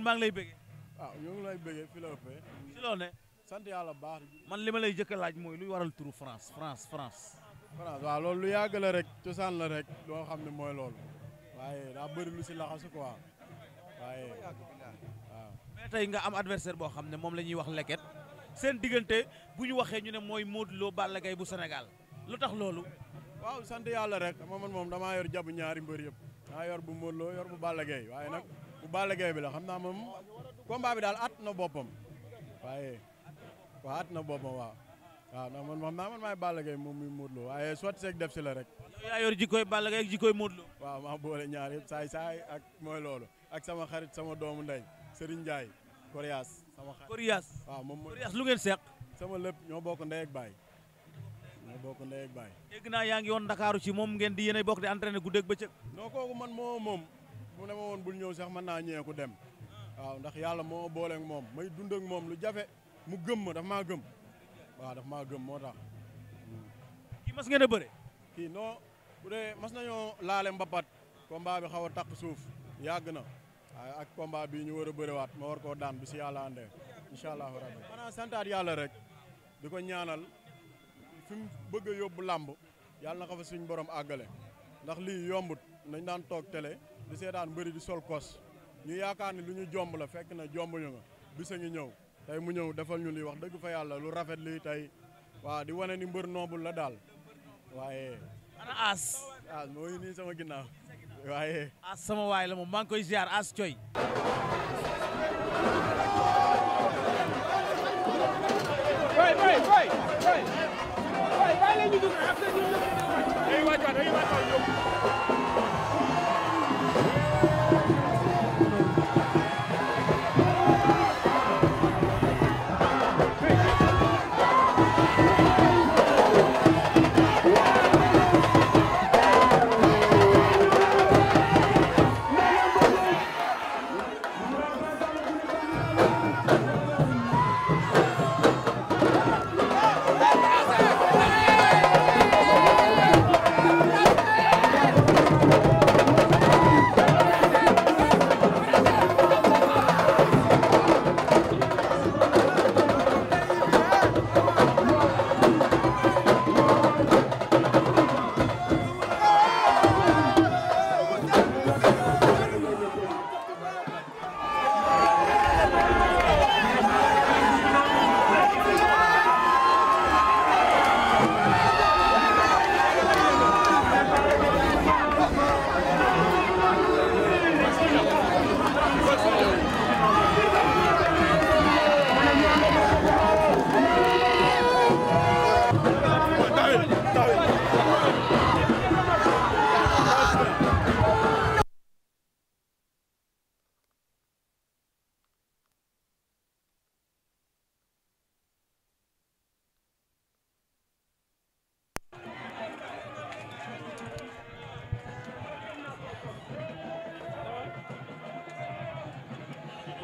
Góor lay bëggee. waaw ah, ñoo ngi lay bëggee Philippe. loo ne. sant yàlla baax. man li ma lay jëkk laaj mooy luy waral turu France France France. France waaw loolu lu yàgg la rek cosaan la rek loo xam ne mooy loolu. waaye daa bëri lu si laxasu quoi waaye waaw. mais tey nga am adversaire boo xam ne moom la ñuy wax leket seen diggante bu ñu waxee ñu ne mooy Modou Lo Balla bu senegal lu tax loolu. waaw sant yàlla rek man moom damaa yor jabu ñaari mbër yëpp. maa yor bu Modou yor bu Balla Gaye waaye nag. bu Balla Gaye bi la naa moom combat bi daal at na boppam waaye waaw at na boppam waaw waa na man xam naa man maay Balla Gaye moom muy Modou waaye sotti seeg def si la rek. yaa yor jikkooy Balla Gaye ak jikkooy Modou maa boole ñaar yëpp saay saay ak mooy loolu ak sama xarit sama doomu ndey Serigne Ndiaye Coriace sama xarit Coriace waaw lu ngeen seq. sama lépp ñoo bokk ndey ak baay ñoo bokk naa yaa ngi woon Ndakaaru ci moom ngeen di yéenay bokk di entraîné guddeeg bëccëg. non kooku man moo mu ne ma woon bul ñëw sax mën naa ñeeku dem waaw ndax yàlla moo booleeg moom may dund moom lu jafe mu gëm ma daf maa gëm waaw daf maa gëm moo tax. kii mas ngeen a bëre. kii non bu dee mas nañoo laale mbapat combat bi xaw a takk suuf yàgg na waaye ak combat bii ñu war a bëriwaat ma war koo daan bi si yàlla andee incha allahu rabbi maanaam santaat yàlla rek di ko ñaanal fi mu bëgg a yóbbu làmb yàlla na ko fa suñ borom àggale ndax lii yombut nañ daan toog di seetaan mbëri di sol kos ñu yaakaar ne lu ñu jomb la fekk na jomb ñu nga bisa ngi ñëw tey mu ñëw defal ñu lii wax dëgg fa yàlla lu rafet lii tey waaw di wane ni mbër noobul la daal waaye ana aas aas moo sama ginnaaw waaye aas sama waay la moom maa ngi koy ziar aas coy bay bay bay bay bay bay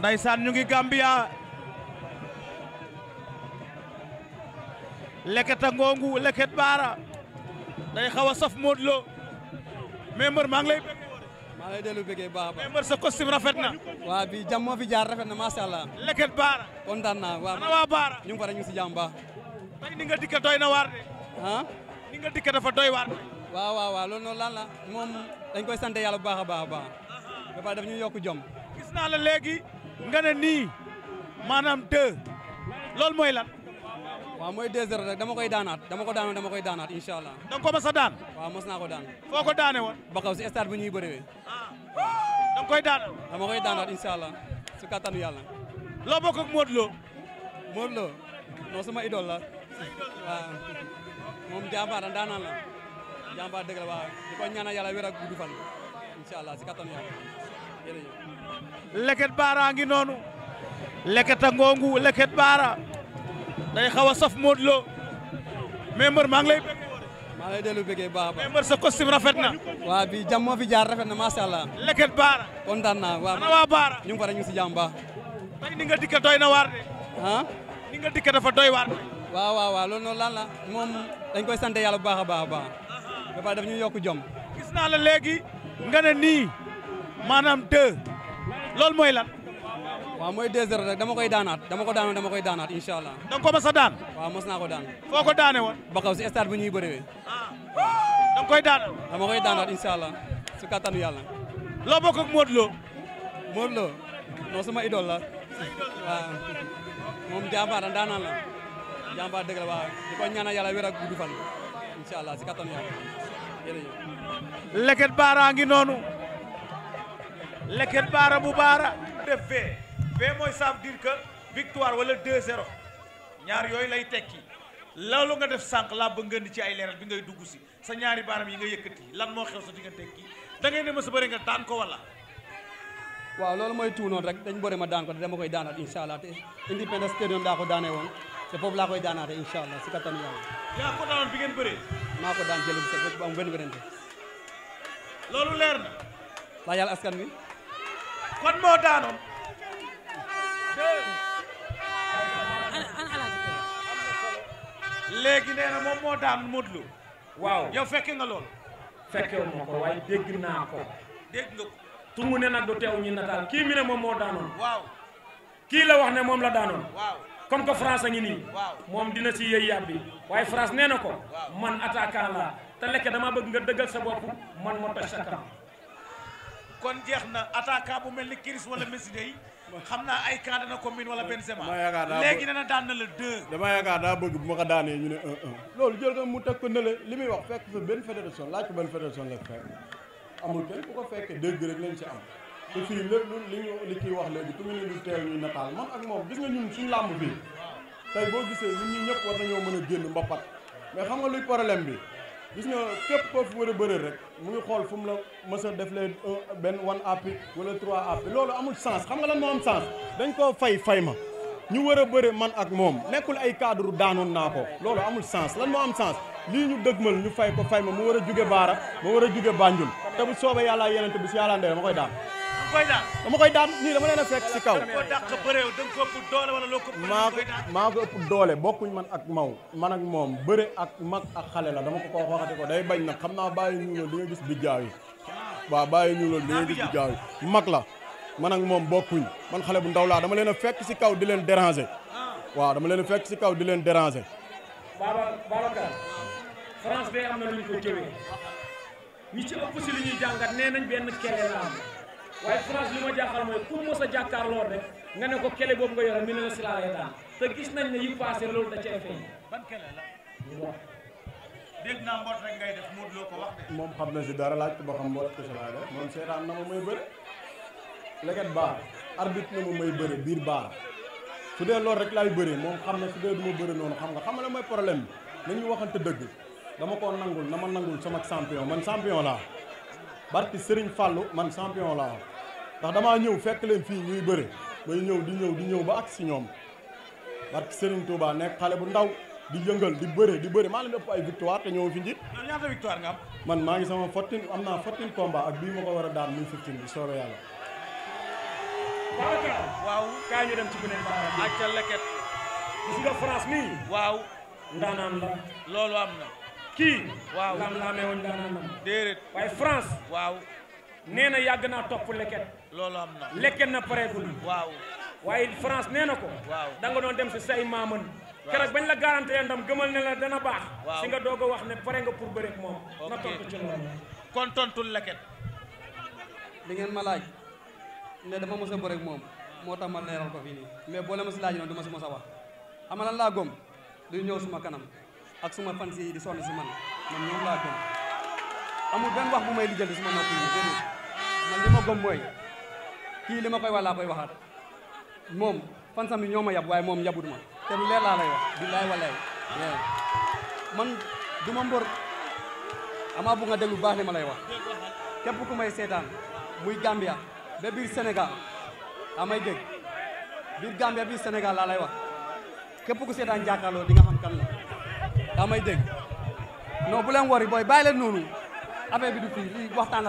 ndaysaan ñu ngi Gambia leket a ngongu leket baara day xaw a saf Modou Lo mais mbër maa ngi lay bëggee maa ngi lay dellu bëggee bu baax a baax mais mbër sa costume rafet na waaw bi jàmm moo fi jaar rafet na macha allah leket baara kontaan naa waaw ana waa baara ñu ngi fa rek ñu ngi si jàmm baax tey ni nga dikka doy na waar de ah ni nga dikka dafa doy waar waaw waaw waaw loolu noonu lan la moom dañ koy sant yàlla bu baax a baax a baax ba pare daf ñu yokk jom gis naa la léegi nga ne nii maanaam deux loolu mooy lan. waaw mooy deux heures rek dama koy daanaat dama ko daanoon dama koy daanaat incha allah. da ko mos a daan. waa mos naa ko daan. foo ko daane woon. Bakaw si stade bu ñuy bëree. Ah, da nga koy daanaat. dama koy daanaat incha allah su kattanu yàlla. loo bokk ak Modou Lo. Modou sama idole la. waaw moom jàmbaar la daanaan la jàmbaar dëgg la waaw di ko ñaanal yàlla wér ak fan incha allah si kattanu yàlla. leket baara ngi noonu leket a ngongu leket baara day xaw a saf Modou Lo mais mbër maa ngi lay bëggee maa lay dellu bëggee bu baax a baax mais mbër sa costume rafet na waaw bi jàmm moo fi jaar rafet na macha allah leket baara kontaan naa waaw ana waa baara ñu ngi fa ñu ngi si jàmm baax tey ni nga dikka doy na waar de ah ni nga dikka dafa doy waar waaw waaw waaw loolu noonu lan la moom dañ koy sant yàlla bu baax a baax a baax ba pare daf ñu yokk jom gis naa la léegi nga ne nii maanaam deux loolu moy lan. waaw mooy deux heures rek dama koy daanaat dama ko daanoon dama koy daanaat incha allah. da nga ko mos a daan. waaw mos naa ko daan. foo ko daane woon. Bakaw si stade bu ñuy bëree. Ah, da nga koy daanaat. dama koy daanaat incha allah su kattanu yàlla. loo bokk ak Modou Lo. Modou Lo non sama la. waaw moom jàmbaar la daanaan la jàmbaar dëgg la waaw ko ñaanal yàlla wér ak fan incha allah si kattanu yàlla Leket Baara a noonu. leket baara bu baara def fee fee mooy ça veut dire que victoire wala 2-0 ñaar yooyu lay tekki loolu nga def sànq laa bëgg ngeen di ci ay leeral bi ngay dugg si sa ñaari baaram yi nga yëkkati lan moo xew sa diggante kii da ngay ne ma sa bëri nga daan ko wala. waaw loolu mooy tout rek dañ bëri ma daan ko dama koy daanaat incha allah te Independence Stadium daa ko daanee woon te foofu laa koy daanaate incha allah si kattanu yàlla. yaa ko daanoon bi ngeen bëree. maa ko daan jëlee bu set bu am benn benn. loolu leer na. waa askan wi. kon moo daanoon léegi nee na moom moo daan Modou Lo waaw yow fekke nga loolu fekkewu ma ko waaye dégg naa ko dégg nga ko tungu ne nag du teew ñu nataal kii mi ne moom moo daanoon waaw kii la wax ne moom la daanoon waaw comme ko France a ngi nii moom dina si yëy yàbbi waaye France nee na ko man attaquant la te lekk dama bëgg nga dëggal sa bopp man moo toj sa kanam kon jeex na attaquant bu mel ni Chris wala Messi xam naa ay cas dana commune wala Benzema léegi dana daan na la deux dama yaakaar daa bëgg bu ma ko daanee ñu ne loolu jël ko mu teg ko nële li muy wax fekk fa benn fédération laaj ko benn fédération la fekk amul kenn ku ko fekkee dégg rek lañ ci am te fii lépp li ñu li ciy wax léegi ku mel ni du teew ñuy nataal man ak moom gis nga ñun suñu làmb bi tey boo gisee ñun ñi ñëpp war nañoo mën a génn mbapat mais xam nga luy problème bi gis nga képp koo fi war a bëreel rek mu ngi xool fu mu la mës a def lee benn wan appi wala trois appui loolu amul sens xam nga lan moo am sens dañ koo fay fay ma ñu war a bëre man ak moom nekkul ay cadre daanoon naa ko loolu amul sens lan moo am sens lii ñu dëgmal ñu fay ko fay ma mu war a juge baara ma war a juge bànjul te bu soobee yàlla yenente bi si yàlla ndee ma koy daan koy daan dama koy daan nii dama leen a fekk si kaw maa maa ëpp doole bokkuñ man ak maw man ak moom bëre ak mag ak xale la dama ko ko waxati ko day bañ nag xam naa bàyyi ñu loolu di nga gis bi jaaw waaw bàyyi ñu loolu di nga gis bi mag la man ak moom bokkuñ man xale bu ndaw laa dama leen a fekk si kaw di leen déranger waaw dama leen a fekk si kaw di leen déranger ñi ci ëpp si li ñuy jàngat nee nañ benn kele la am waaye France li ma jaaxal mooy pour mos a jàkkaarloo rek nga ne ko kele boobu nga yore mi ne la si laa lay daan te gis nañ ne yi passé loolu da cee feeñ. dégg naa def Modou ko moom xam na si dara laaj ko ba xam mboot ko si laay def moom seetaan na ma may bëre. leget baar arbitre na ma may bëre biir baar su dee loolu rek laay bëre moom xam na su dee du ma bëre noonu xam nga xam nga mooy problème bi nañu waxante dëgg dama koo nangul na ma nangul sama champion man champion laa barki Serigne Fallou man champion laa. ndax damaa ñëw fekk leen fii ñuy bëre bay ñëw di ñëw di ñëw ba ak si ñoom barke Serigne Touba nekk xale bu ndaw di yëngal di bëre di bëre maa leen ëpp ay victoire te ñëw fi njit ñaata man maa ngi sama fottin am naa fottin combat ak bii ma ko war a daan muy fiftin bi soobee yàlla waaw kaay ñu dem ci beneen ba ak ca leket gis nga France nii waaw ndaanaan la loolu am na kii waaw lam laamee woon ndaanaan la déedéet waaye France waaw nee na yàgg naa leket loolu am na lekken na pareegul waaw waaye France nee na ko waaw da nga doon dem si say maaman keroog bañ la garanté ndam gëmal ne la dana baax si nga doog a wax ne pare nga pour bëreek moom nga tontu ci loolu kon tontul leket li ngeen ma laaj ne dama mose a bëreek moom moo tax ma leeral ko fii nii mais boole ma si laaj noonu du ma si mos wax ama la laa gom du ñëw suma kanam ak suma fans si di sonn si man ma ñoom laa gom amul benn wax bu may lijjanti suma noppi yi man li ma gom kii li ma koy wax laa koy waxaat moom fan sami ñoo ma waaye moom yabut ma te lu leer laa lay wax billaay walaay man du ma amaa bëgg nga déglu baax li ma lay wax képp may seetaan muy Gambia ba biir Sénégal amay dégg biir Gambia biir Sénégal laa lay wax képp seetaan jàkkaarloo di nga kan la amay dégg non bu leen wari booy bàyyi leen noonu affaire du fii lii waxtaan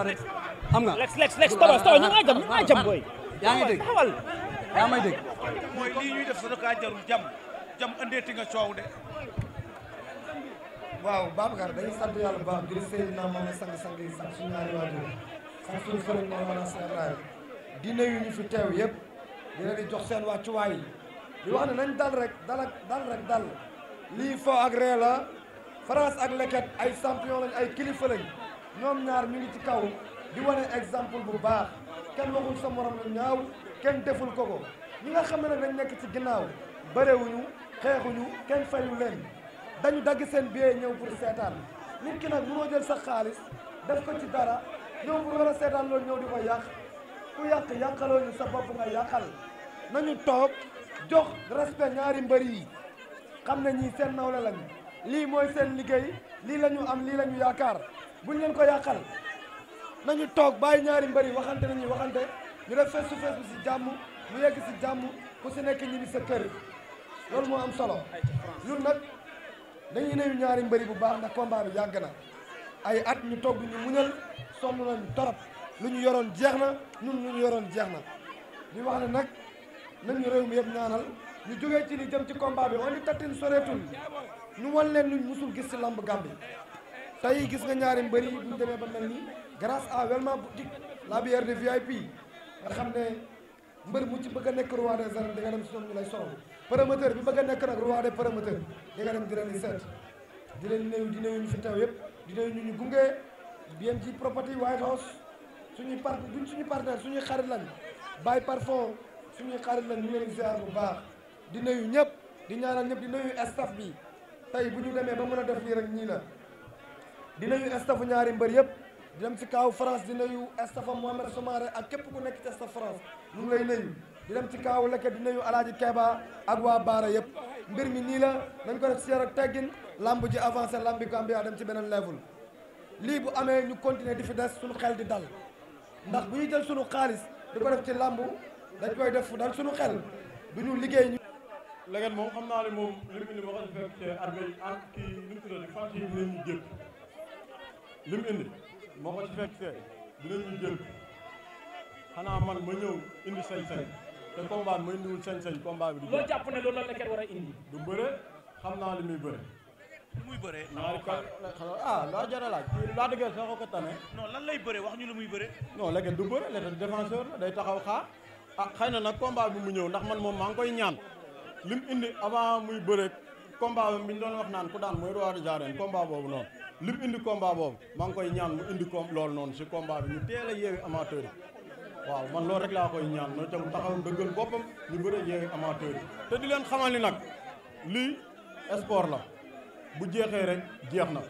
xam nga lex lex lex tabax tabax ñu ngi yaa ngi dégg xawal yaa may dégg. mooy lii ñuy def sa dëkk jarul jam jam andeeti nga coow de. waaw Babacar dañuy sant yàlla bu baax ngir Seydina moom la sang sang yi sant suñu ñaari waajur sant suñu sëriñ moom la Seex Ibrahima di ñu fi teew yëpp di leen di jox seen wàccuwaay yi di wax ne nañ dal rek dal ak dal rek dal lii fo ak ree la France ak leket ay champion lañ ay kilifa lañ ñoom ñaar ñu ngi ci kaw di wane exemple bu baax kenn waxul sa morom lu ñaaw kenn deful ko ko ñi nga xam ne nag dañ nekk ci ginnaaw bëreewuñu xeexuñu kenn fayu leen dañu dagg seen billet ñëw pour seetaan nit ki nag mënoo jël sa xaalis def ko ci dara ñëw pour war a seetaan loolu ñëw di ko yàq ku yàq yàqaloo ñu sa bopp nga yàqal nañu toog jox respect ñaari mbër yi xam ne ñii seen nawle lañu lii mooy seen liggéey lii lañu am lii la ñu yaakaar buñ leen ko yàqal nañu toog bàyyi ñaari mbër yi waxante nañuy waxante ñu def face to face si jàmm ñu yegg ci jàmm ku ci nekk ñibbi sa kër loolu moo am solo ñun nag dañuy nuyu ñaari mbëri bu baax ndax combat bi yàgg na ay at ñu toog togg ñu muñal sonn nañu torop lu ñu yoroon jeex na ñun lu ñu yoroon jeex na di wax ne nag nañu réew mi yëpp ñaanal ñu jógee ci li jëm ci combat bi on di tattin soreetul ñu wan leen ñu musul gis si lamb Gambie tey gis nga ñaari mbëri buñ demee ba mel nii grâce à Welma boutique la bière de VIP nga xam ne mbër mu ci bëgg a nekk roi des arènes di nga dem si ñoom ñu lay sorom promoteur bi bëgg a nekk nag roi des promoteurs di nga dem di leen di seet di leen nuyu di nuyu ñu fi teew yëpp di nuyu ñu ñu gunge BMG property White House suñuy part duñ suñu partenaire suñuy xarit lañ Baye Parfond suñuy xarit lañ ñu leen ziar bu baax di nuyu ñëpp di ñaanal ñëpp di nuyu staff bi tey bu ñu demee ba mën a def lii rek ñii la di nuyu staffu ñaari mbër yëpp di dem ci kaw France di nuyu staff Mohamed Soumaré ak képp ku nekk ci staff France ñu ngi lay nuyu di dem ci kaw Leket di nuyu Alaaji Keba ak waa Baara yëpp mbir mi nii la dañ ko def ci yar ak teggin lamb ji avancé lambi a dem ci beneen level lii bu amee ñu continuer di fi des suñu xel di dal ndax bu ñuy jël suñu xaalis di ko def ci lamb dañ koy def fu daal suñu xel du ñu liggéey ñu Leket moom xam naa ne moom li mu indi waxal fekk armée ak kii nu mu tuddati fànn yi ñu jëpp li mu moo ko ci fekkee dinañu jël xanaa man ma ñëw indi sañ-sañ te combat bi ma indiwul sañ-sañ combat bi du loo jàpp ne loolu la Leket war a indi du bëre xam naa li muy bëre muy bëre ah laa jar a laaj kii laa dëggee sax ko tane non lan lay bëre wax ñu lu muy bëre non Leket du bëre Leket défenseur la day taxaw xaar ah xëy na nag combat bi mu ñëw ndax man moom maa ngi koy ñaan lim indi avant muy bëre combat bi ñu doon wax naan ku daan mooy roi des arènes combat boobu noonu li mu indi combat boobu maa ngi koy ñaan mu indi ko loolu noonu si combat bi ñu teel a yeewi amateur yi waaw man loolu rek laa koy ñaan loolu tam taxaw dëggal boppam ñu bëre yeewi amateur yi te di leen xamal ni nag lii sport la bu jeexee rek jeex na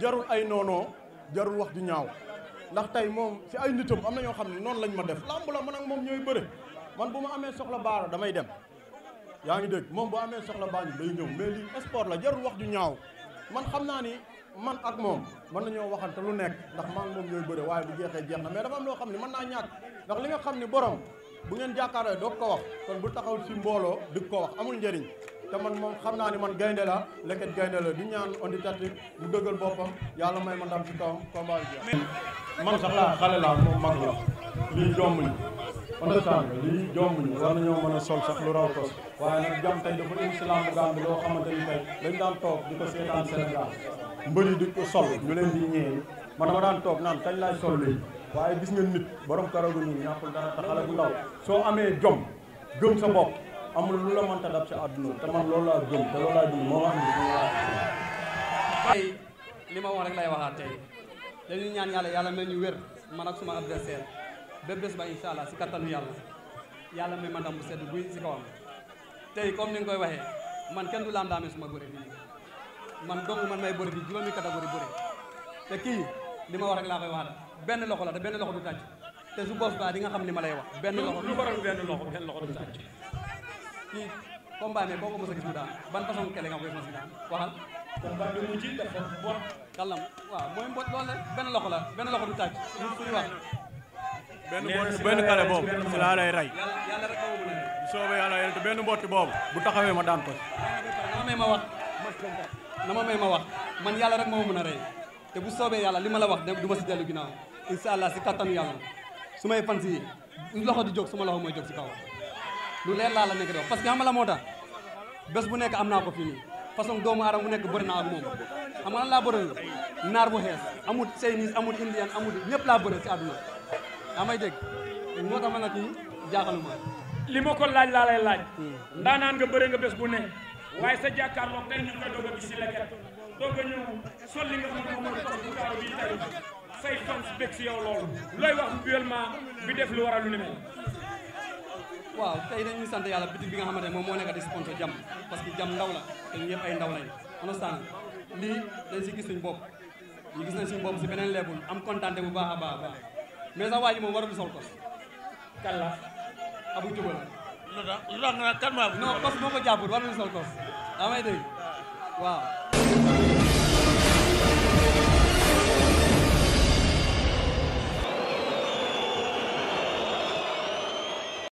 jarul ay noonoo jarul wax ju ñaaw ndax tey moom si ay nitam am na ñoo xam ne noonu lañ ma def làmb la man ak moom ñooy bëre man bu ma amee soxla baara damay dem yaa ngi dégg moom boo amee soxla baañu day ñëw mais lii sport la jarul wax ju ñaaw man ak moom mën nañoo waxante lu nekk ndax maa moom yooyu bëre waaye bu jeexee jeex na mais dafa am loo xam ne man naa ñàkk ndax li nga xam ne borom bu ngeen jàkkaarloo doog ko wax kon bu taxaw si mbooloo di ko wax amul njariñ te man moom xam naa ni man gaynde la leket gaynde la di ñaan Ondy Tactic bu dëggal boppam yàlla may man ndam ci kawam combat bi man sax laa xale laa moom mag la lii yomb li understand lii jomb ñu war nañoo mën a sol sax lu raw kos waaye nag jom tey dafa indi si làmb Gàmbi loo xamante ni tey dañ daan toog di ko seetaan Sénégal mbëri di ko sol ñu leen di ñeeñ man dama daan toog naan kañ laay sol lii waaye gis nga nit borom karagu nii ñàkkul dara te xale bu ndaw soo amee jom gëm sa bopp amul lu la mënta dab ci àdduna te man loolu laa gëm te loolu laa dund moo wax ni tey ma wax rek lay waxaat tey dañuy ñaan yàlla yàlla mel ñu wér man ak suma ba bés ba incha allah si kattanu yàlla yàlla may ma ndam bu sedd guy si kawam tey comme ni nga koy waxee man kenn du laam-laamee suma bëre bi man dong man may bëre bi juróomi catégorie bëre te kii li ma wax rek laa koy wax benn loxo la te benn loxo du tàcc te su boos ba di nga xam li ma lay wax. benn loxo lu waral benn loxo benn loxo du kii combat mais boo ko mos a gis mu daan ban façon kele koy mos a daan waxal. combat bi mu ci dafa bot. kàllam la benn loxo du tàcc suñu benn mbotti benn kale boobu si laa lay rey bu soobee yàlla yéen te boobu bu taxawee ma daan ko na ma may ma wax na ma la ma wax man yàlla rek moo mën a rey te bu soobee yàlla li ma la wax du ma si dellu ginnaaw incha allah si kattanu yàlla su may fan si loxo di jóg suma loxo mooy jóg si kaw lu leer laa la nekk di wax parce que xam nga la moo tax bés bu nekk am naa ko fii nii façon doomu aadama bu nekk bëri naa ak moom xam nga lan laa bëri naar bu xees amul chinese amul indien amul ñëpp laa bëri si àdduna am amay dégg moo tax ma ne kii jaaxaluma li ma ko laaj laa laaj ndaanaan nga bëre nga bés bu ne waaye sa jàkkaarloo tey ñu koy doog a gis si leket doog a ñëw sol li nga xam moom mooy toog bi tey say fans si yow loolu looy wax def lu waral lu ne mel waaw tey dañuy sant yàlla bitig bi nga xamante ne moom moo nekk di sponsor jàmm parce que jàmm ndaw la te ñu yëpp ay ndaw lañu understand lii dañ si gis suñu bopp ñu gis nañ suñu bopp si beneen level am kontaan bu baax a baax a baax mais sax waa ji moom warul sol ko kan la abu juba la. lu tax lu tax nga naan kan parce que moo ko jàppul warul sol ko daa may ah. waaw.